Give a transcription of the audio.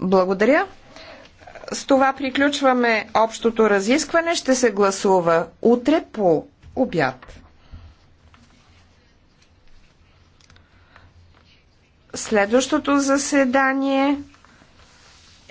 Благодаря. С това приключваме общото разискване. Ще се гласува утре по обяд. Следващото заседание